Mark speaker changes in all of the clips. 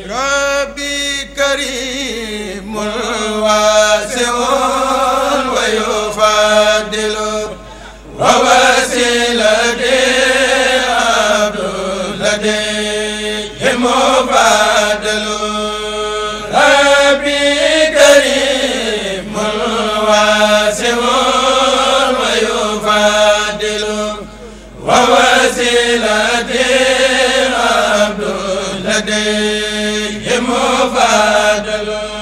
Speaker 1: ربي كريم واسع ويفضل ووسيلتي عبد لديه مبادل ربي كريم واسع ويفضل ووسيلتي adalu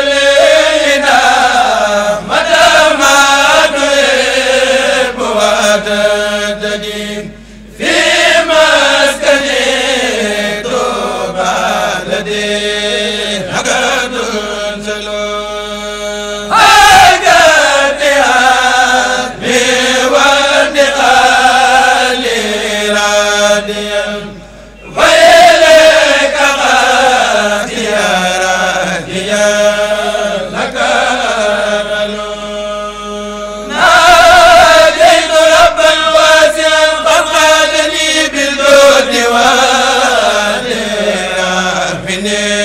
Speaker 1: a ne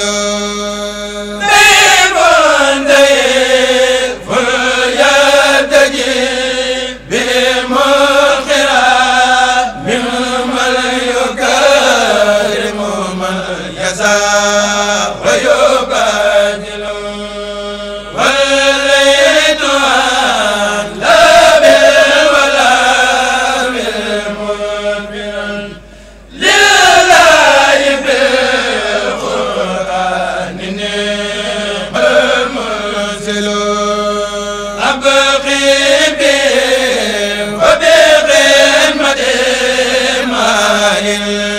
Speaker 1: la الله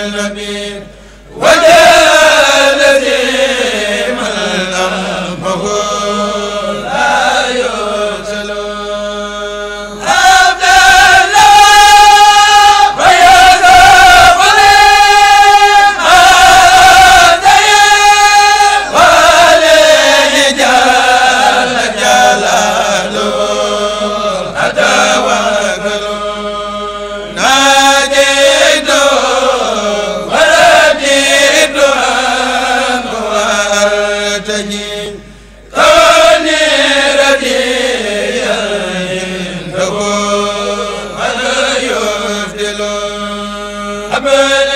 Speaker 1: أبدا